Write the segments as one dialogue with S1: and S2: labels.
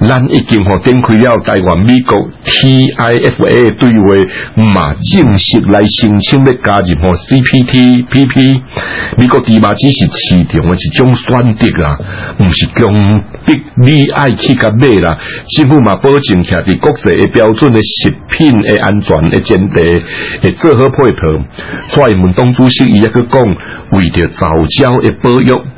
S1: 咱已經和展開了台灣美國 TIFA 對話，嘛正式來申請的加入和 CPTPP。美國豬肉只是市場嘅一種選擇啦，唔是強迫你愛去購買啦。政府嘛保證下啲國際嘅標準嘅食品嘅安全嘅前提誒，會做好配套。蔡文東主席亦都講，為咗早教嘅保育。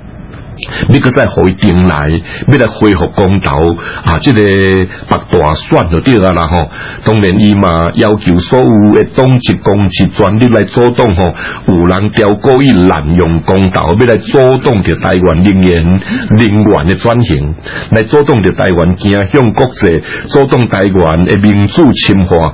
S1: 你閣再海定來，要來恢復公投啊！即、這個北大選就對了啦嗬。當然，伊嘛要求所有嘅黨籍公職，全力來阻擋嗬，有、哦、人刁故意濫用公投，要來阻擋著台灣能源能源嘅轉型，來阻擋著台灣，行向國際，阻擋台灣嘅民主深化。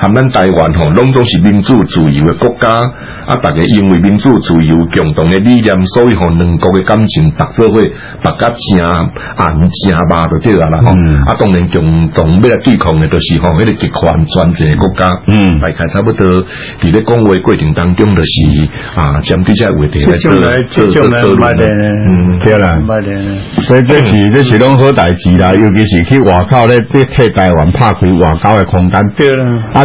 S1: 含咱台灣，吼，攏是民主自由嘅國家，啊！大家因為民主自由共同嘅理念，所以同兩國嘅感情達做會白加正啊，銀加碼都得啦啦！嗯、啊，當然共同咩對抗嘅都是同嗰啲極權專制國家，嗯，大概差不多喺啲講話過程當中，就是啊，將啲嘢圍定嗯，
S2: 嗯
S3: 對啦了，所以這是、嗯、這是
S4: 兩好代志啦，尤其是去外口咧，對替台灣拍開外交嘅空間，對了啊！